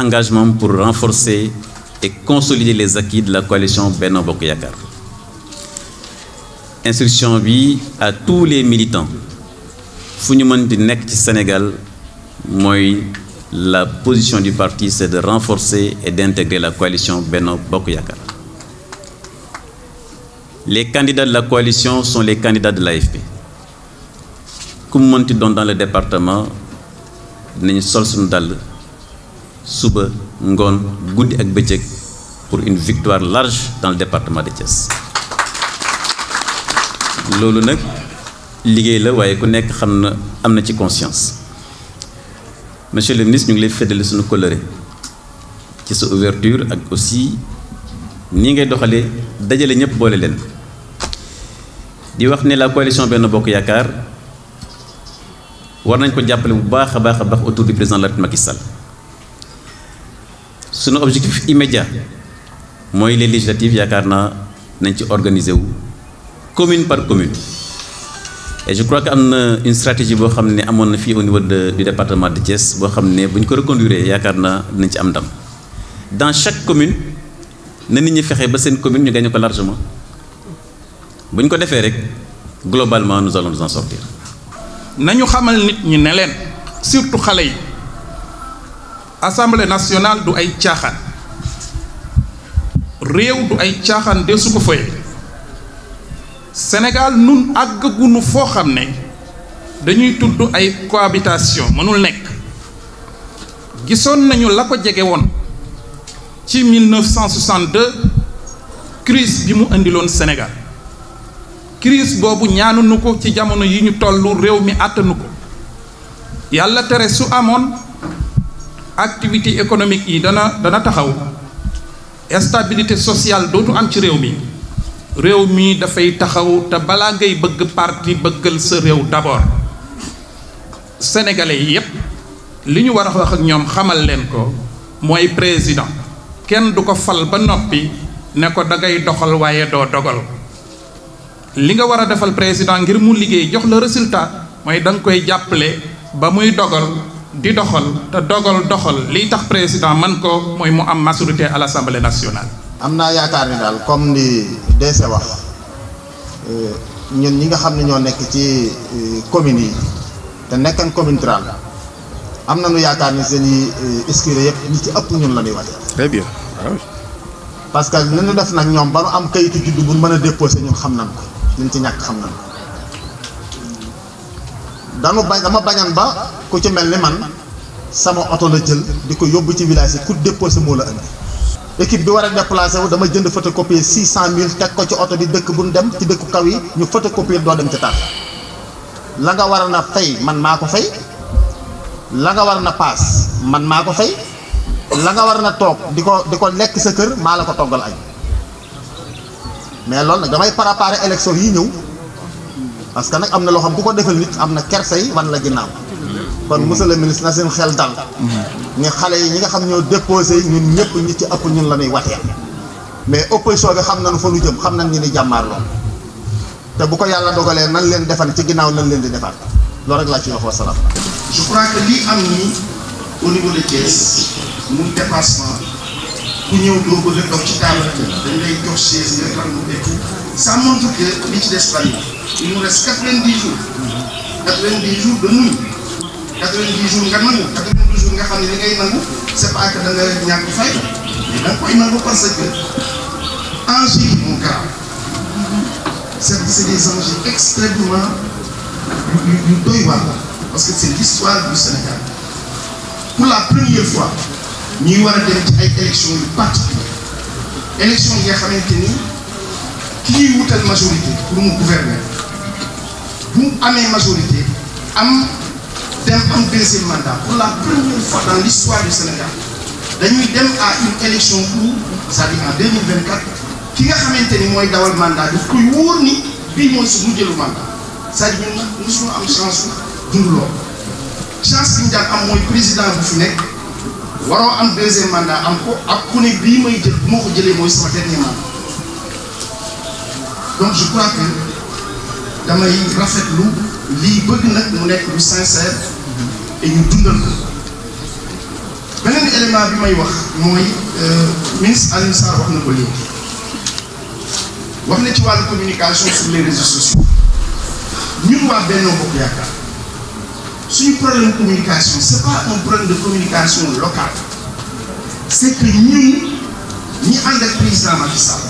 engagement pour renforcer et consolider les acquis de la coalition Benno Bokoyakar. instruction bi à tous les militants mën Sénégal la position du parti c'est de renforcer et d'intégrer la coalition Benno Bokoyakar. les candidats de la coalition sont les candidats de l'AFP Comme nous dans le département sommes sol le département suba ngoon Goudi ak bëccëg pour une victoire large dans le département de Thiès loolu nak liguey la waye ku nek xamna amna ci conscience monsieur le ministre ñu ngi lay fédélé suñu coloré ci sa ouverture ak aussi ni ngay doxalé dajalé ñep boole len di wax ne la coalition Benno Bokk yakar war nañ ko jappalé bu baaxa baaxa baax autour du président Macky Sall notre objectif immédiat Moi, les législatives yaakaar naa nañ ci organiser commune par commune et je crois qu'il y a une stratégie boo xam ne amoon au niveau du département de Thiès qui est ne bu ko reconduire yaakaar naa dans chaque commune nous nit ñi fexe ba seen commune ñu gagné ko largement Nous ñu ko defee globalement nous allons nous en sortir. nañu xamal nit ñi ne surtout les yi. assemblée nationale du ay caaxaan réew du ay caaxaan de su ko foyee Sénégal nun àggagunu foo xam ne dañuy tudd ay cohabitation mënul nekk gisoon nañu la ko jege woon ci 1962 crise bi mu indiloon Sénégal crise boobu ñaanunu ko ci jamono yi ñu toll réew mi àttanu ko yàlla tere su amoon activité économique yi dana dana taxaw stabilité sociale dootu am ci réew mi réew mii dafay taxaw te balaa ngay bëgg parti bëggal sa réew d'abord sénégalais yépp li ñu war a wax ak ñoom xamal leen ko mooy président kenn du ko fal ba noppi ne ko dangay doxal waaye doo dogal li nga war a defal président ngir mu liggéey jox la résultat mooy da nga koy jàppale ba muy dogal di doxal te dogal doxal liy tax président man ko mooy mu am majorité à l'Assemblée nationale. am naa yaakaar ni daal comme ni DC wax euh, ñun ñi nga xam ne ñoo nekk ci euh, communes yi te nekkan commune rurale am na nu yaakaar ni seen i euh, escuré yëpp ñi ci ëpp ñun la ñuy wax. très bien waaw. Ah parce que li ñu def nag ñoom ba nu am kayitu juddu bu mën a déposé ñu xam nañ ko liñ ci ñàkk xam na ko. danu bañ dama bañam ba ku ci mel ni man sama oto la jël di ko yóbbu ci village yi ku si moo la indi équipe bi war a déplacé wu dama jënd photocopier six cent mille teg ko ci oto bi dëkk bu ñu dem ci dëkku kaw yi ñu photocopier doo dem ci tar la nga war na fay man maa ko fay la nga war na paas man maa ko fay la nga war na toog di ko di ko lekk sa kër maa la ko toggal añ mais loolu nag damay préparer élection yi ñëw parce que nag am na loo xam bu ko defal nit am na kersay wan la gannaaw kon monsieur le ministre na seen xel dal. ni xale yi nga xam ñoo déposé ñun ñëpp ñi ci ëpp ñun la ñuy wateel. mais soo bi xam na nañu fa nu jëm xam nañ ñu ni jàmmaar lool te bu ko yàlla dogalee nan leen defan ci ginnaaw nan leen di defar loolu rek laa ci wax wa salaam. Ça montre que l'Église d'Espagne, il nous reste 90 jours. 90 jours de nous. 90 jours de nous. 90 jours de nous. Ce n'est pas que nous de fait. Mais pourquoi il nous pas que enjeux mon cas, c'est des anges extrêmement Parce que c'est l'histoire du Sénégal. Pour la première fois, nous avons une élection particulière. Élection qui a été qui est une majorité pour nous gouverner Vous avez une majorité am avez un deuxième mandat pour la première fois dans l'histoire du Sénégal Nous avons à une élection où c'est-à-dire en 2024 Qui a fait un mandat de plus haut ni bii mandat c'est-à-dire nous avons am chance bu faire. La chance bi nous am président bu a eu un deuxième mandat am ko a ku ne mandat, may jël bu ko mandat donc je crois que damay rafetlu lii bëgg nag mu nekk lu sincère et ñu dundal ko beneen élément bi may wax mooy euh, ministre Alioune Sarr wax na ko léegi wax na ci wàllu communication sur les réseaux sociaux ñun waa Benno Bokk Yaakaar suñu problème communication c'est pas un problème de communication locale c'est que ñun ñi ànd ak président Macky Sall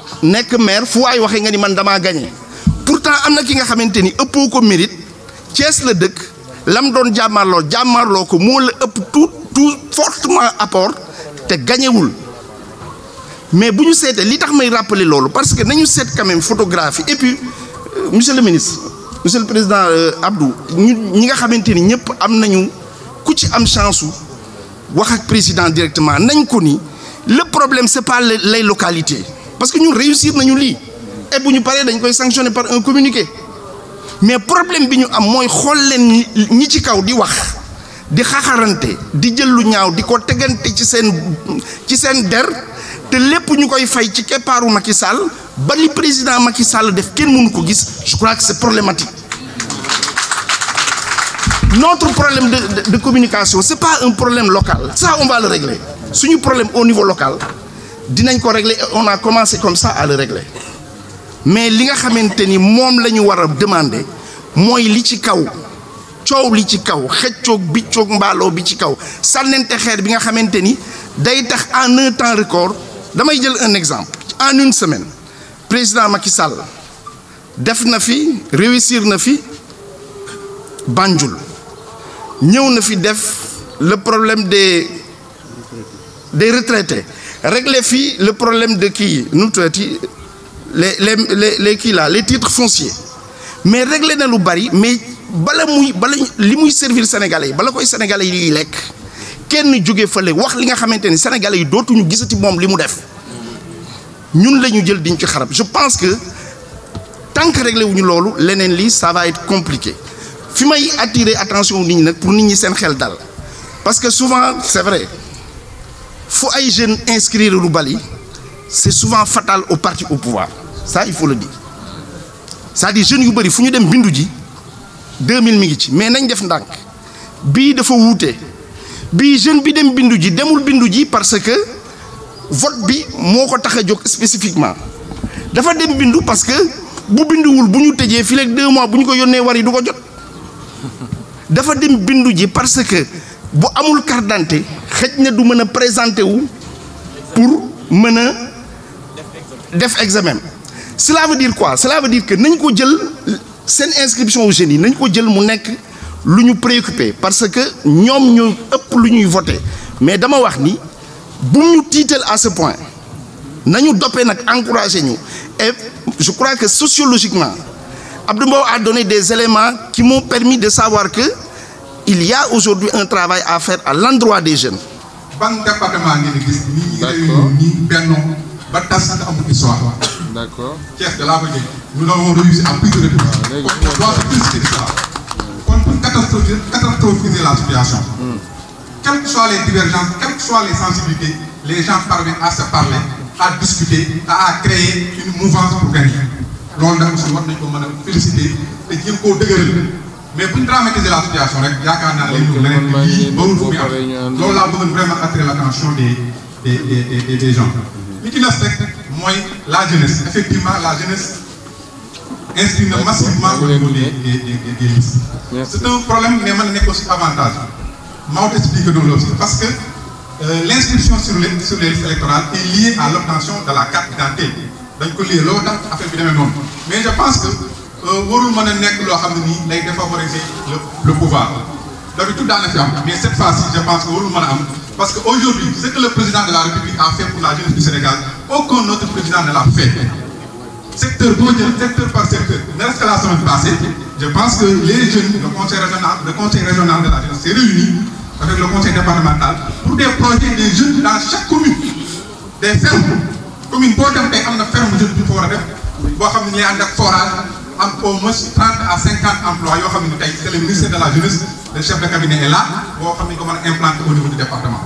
nek maire fu waxe nga ni man dama gagné pourtant amna ki nga xamanteni ni ko mérite Thiès la deuk lam don jamarlo jamarlo ko mo la epp tout tout fortement apport te gañewul mais buñu sété li tax may rappeler lolu parce que nañu seet quand même photographie et puis euh, monsieur le ministre monsieur le président euh, Abdou ñi nga xamanteni ni ñëpp am nañu ku ci am chance wax ak président directement nañ ko ni le problème c'est pas les localités parce que réussissons réussir nous et pour nous parler, nous sanctionner par un communiqué mais problème bi ñu am nous avons leen ñi ci kaw di wax Nous président Macky Sall je crois que c'est problématique notre problème de de communication c'est pas un problème local ça on va le régler un problème au niveau local on a commencé comme ça à le régler mais li nga xamanteni mom demander moy li ci kaw ciow li ci kaw bi ci kaw bi en temps record damay un exemple en une semaine président Macky Sall def na fi réussir na fi Banjul ñew na fi le problème des des retraités régler fi le problème de qui? Nous mu les les les les là les titres fonciers mais régler na lu bari mais bala muy bala li muy servir sénégalais bala koy sénégalais yi lek kenn jóge feulé wax li nga xamante sénégalais yi dootuñu gisati moom li mu def ñun lañu jël diñ ci xarab je pense que tant que réglé wuñu lolu lenen li ça va être compliqué fi may attirer attention nit nak pour nit ñi xel dal parce que souvent c'est vrai. Faut ay jeunes inscrire lu bali c'est souvent fatal au parti au pouvoir ça il faut le dire Ça dit, dire jeunes yu bëri fu dem bindu ji 2000 mi ci mais nañ def ndànk faut dafa wuute jeune bi dem bindu ji demul bindu ji parce que vote bi moko taxé jox spécifiquement dafa dem bindou parce que bu binduwul bu ñu tëjee fii 2 deux mois buñ ko yónnee war yi du ko jot dafa dem Bindouji parce que bu amul carte d'identité xejna ce du meuna présenter pour meuna l'examen def examen cela veut dire quoi cela veut dire que nous ko djel sen inscription au génie. Nous avons ko djel mu nek luñu préoccupé parce que nous ñu ëpp luñuy voter voté mais dama wax ni bu ñu à ce point Nous dopé nak encouragé ñu et je crois que sociologiquement Abdou a donné des éléments qui m'ont permis de savoir que il y a aujourd'hui un travail à faire à l'endroit des jeunes. D'accord. Nous l'avons réussi à ah, plus de On doit se féliciter de ça. on peut catastrophiser la situation, hmm. quelles que soient les divergences, quelles que soient les sensibilités, les gens parviennent à se parler, à discuter, à créer une mouvance pour gagner. L'on a féliciter et dire qu'on mais pour ñu dramatiser la situation il y a leen lu leneen lii barul fu là vraiment attirer l'attention des des des des gens. Mais qui des Moi, la jeunesse effectivement la jeunesse inscrit massivement au niveau des listes. c'est un problème mais n'est na aussi avantage moi je expliqué loolu parce que euh, l'inscription sur les sur les listes électorales est liée à l'obtention de la carte d'identité Donc, lié fait le même le mais je pense que. Euh, warul mën a nekk le pouvoir tout dans mais cette fois-ci je pense que warul parce qu'aujourd'hui, aujourd'hui ce que le président de la République a fait pour la jeunesse du Sénégal aucun autre président ne l'a fait secteur secteur par secteur ne que la semaine passée je pense que les jeunes le conseil régional le conseil régional de la jeunesse s'est réuni avec le conseil départemental pour des projets de jeunes dans chaque commune des fermes Comme boo dem tey am na ferme jeune jeunes du fa war a def au moins 30 à 50 employés C'est le ministre de la justice, le chef de cabinet est là, pour implanter au niveau du département.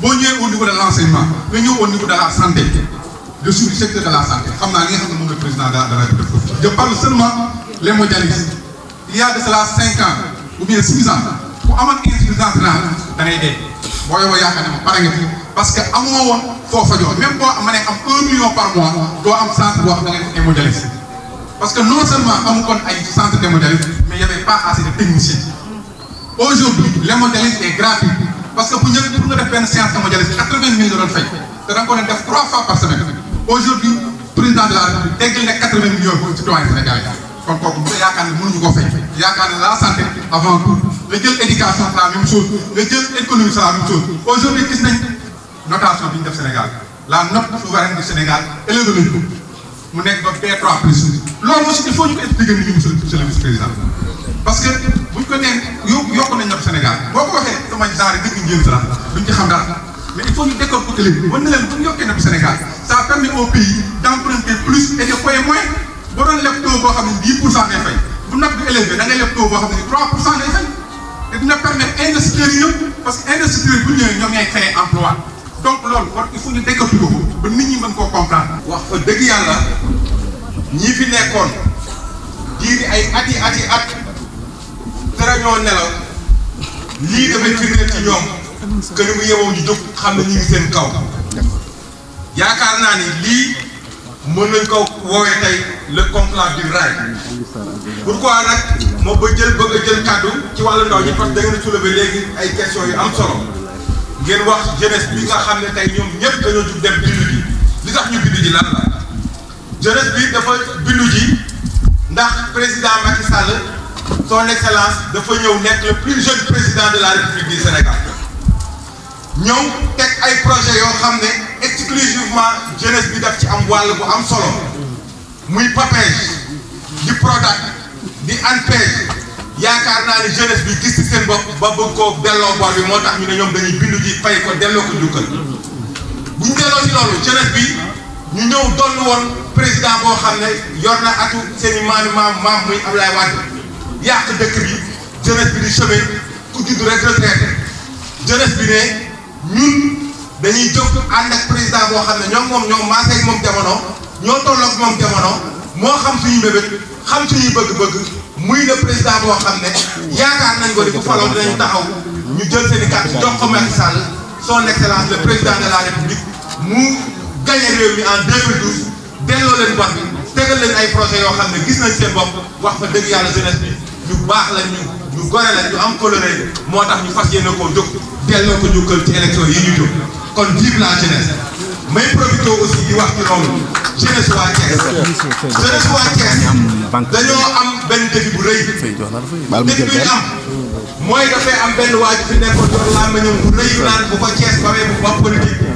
Bon, au niveau de l'enseignement, venons au niveau de la santé. Je suis le secteur de la santé, comme dans le président de la République. Je parle seulement des modalités. Il y a de cela 5 ans, ou bien 6 ans, pour avoir une je dans l'aider. Parce que à moi, il faut faire. Même si on a un million par mois, il doit avoir un centre de parce que non seulement on a un centre de modélisme, mais il n'y avait pas assez de techniciens. Aujourd'hui, le modélisme est gratuit. Parce que pour nous, pour faire une séance de modélisme, 80 000 euros fait. C'est donc qu'on est trois fois par semaine. Aujourd'hui, le président de la République, 80 millions de citoyens sénégalais, donc il y a quand même fait. Il y a quand la santé avant tout. Le dieu éducation, c'est la même chose. Le économie, c'est la même chose. Aujourd'hui, qu'est-ce que notation du Sénégal La note souveraine du Sénégal, est le domaine mu nekk ba P3 plus loolu aussi il faut ñu ko expliquer nit ñi monsieur monsieur le vice président parce que buñ ko nee yow yokk nañ ñoom Sénégal boo ko waxee sama genre yi dëgg njëriñ la duñ ci xam dara mais il faut ñu décor décortiquer leen wan na leen bu ñu yokkee ñoom Sénégal ça permet au pays d'emprunter plus et de payer moins boo doon leb taux boo xam ne 10 pour cent ngay fay bu napp bi élevé da ngay leb taux boo xam ne 3 pour cent ngay fay te dina permettre investisseurs yi yëpp parce que investisseurs bu ñëwee ñoom ñooy créer emploi donc loolu kon il faut ñu déggatu ko ba nit ñi mën koo comprendre. wax fa dëgg yàlla ñi fi nekkoon diiri ay at yi at yi at a ñoo nelaw lii dafay firndeel ci ñoom que ni mu yeewoo ñu jóg xam ne ñu ngi seen kaw yaakaar naa ni lii mën nañ ko woowee tey le conclave du rail pourquoi nag moo ba jël bëgg a jël kàddu ci wàllu ndaw ñi parce que da ngeen soulever léegi ay questions yu am solo. ngeen wax jeunesse bi nga xam ne tey ñoom ñëpp dañoo jug dem bindu ji li tax ñu bindu ji lan la jeunesse bi dafa bindu ji ndax président Macky Sall son excellence dafa ñëw nekk le plus jeune président de la république du Sénégal ñëw teg ay projet yoo xam ne exclusivement jeunesse bi daf ci am wàll bu am solo muy PAPEJ di PRODAC di ANPEJ yaakaar naa ni jeunesse bi gis ci seen bopp ba bëgg koo delloo bor bi moo tax ñu ne ñoom dañuy bindu ji fay ko delloo ko njukkal bu ñu delloo ci loolu jeunesse bi ñu ñëw doon woon président boo xam ne yor na atu seen i maam maam maam muy Abdoulaye Wade yàq dëkk bi jeunesse bi di chômer ku judd rek retraité bi ne ñun dañuy jóg ànd ak président boo xam ne ñoom moom ñoom maasay moom jamono ñoo tolloog moom jamono moo xam suñu mbébét xam suñuy bëgg-bëgg. muy le président boo xam ne yaakaar nañ ko ni bu faloo dinañ taxaw ñu jël seen i carte soo nekk Macky Sall son excellence le président de la mu gagné réew mi en 2012 delloo leen bi leen ay projets yoo xam ne gis nañ seen bopp wax fa dëgg yàlla jeunesse bi ñu baax la ñu ñu gore la am coloré moo tax ñu fas yéene koo jóg delloo ko ñu kër ci élection yi ñu jóg kon vive la jeunesse. may profité aussi di wax ci loolu jeunesse waa Thiès jeunesse waa Thiès dañoo am benn défi bu rëy défi bi am mooy dafay am benn waa ji fi nekkoon yor laa ma ñëw bu rëyu naan bu ko Thiès ba wee bu ba politique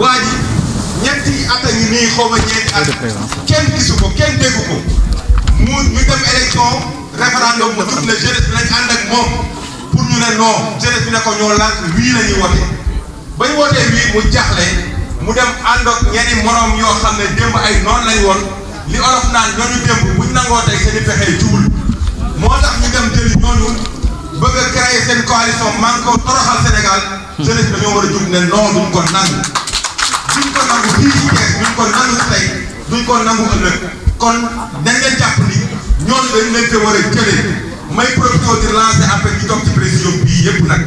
waa ji ñetti at a ngi nii xaw ma ñeenti at kenn gisu ko kenn déggu ko mu ñu dem élection référendum mu jub ne jeunesse bi nañ ànd ak moom pour ñu ne non jeunesse bi ne ko ñoo lànk wii la ñuy wote bañ wootee wii mu jaxle mu dem ànd ak ñeneen moroom yoo xam ne démb ay noonu lañ woon li olof naa ñooñu démb buñ nangoo tey seen i pexe jubul moo tax ñu dem jëli ñooñu bëgg a créer seen coalition man ko toroxal Sénégal jeunesse dañoo war a jug ne non duñ ko nangu duñ ko nangu duñ ko nangu tey duñ kon dañ leen jàpp ni ñooñu dañ leen te war a jëlee may profité di lancer appel ñu toog ci précision bii yëpp nag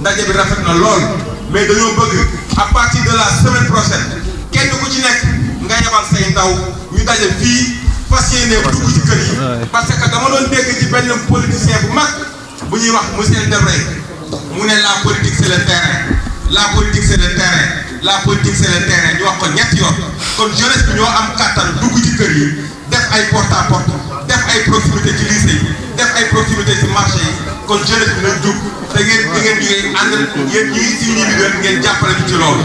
ndaje bi rafet na lool. mais dañoo bëgg à partir de la semaine prochaine kenn ku ci nekk nga yebal say ndaw ñu daje fii fas yéene dugg ci kër yi parce que dama doon dégg ci benn politicien bu mag bu ñuy wax monsieur Debré mu ne la politique c'est le terrain la politique c'est le terrain la politique c'est le terrain ñu wax ko ñetti yoon kon jeunesse bi ñoo am kattan dugg ci kër yi def ay porte à def ay proximité ci lycée yi def ay proximité ci marché yi kon jeunesse bi nañ jug te di ngeen di ngeen ànd yéen ñii si ñi jàppale ci loolu.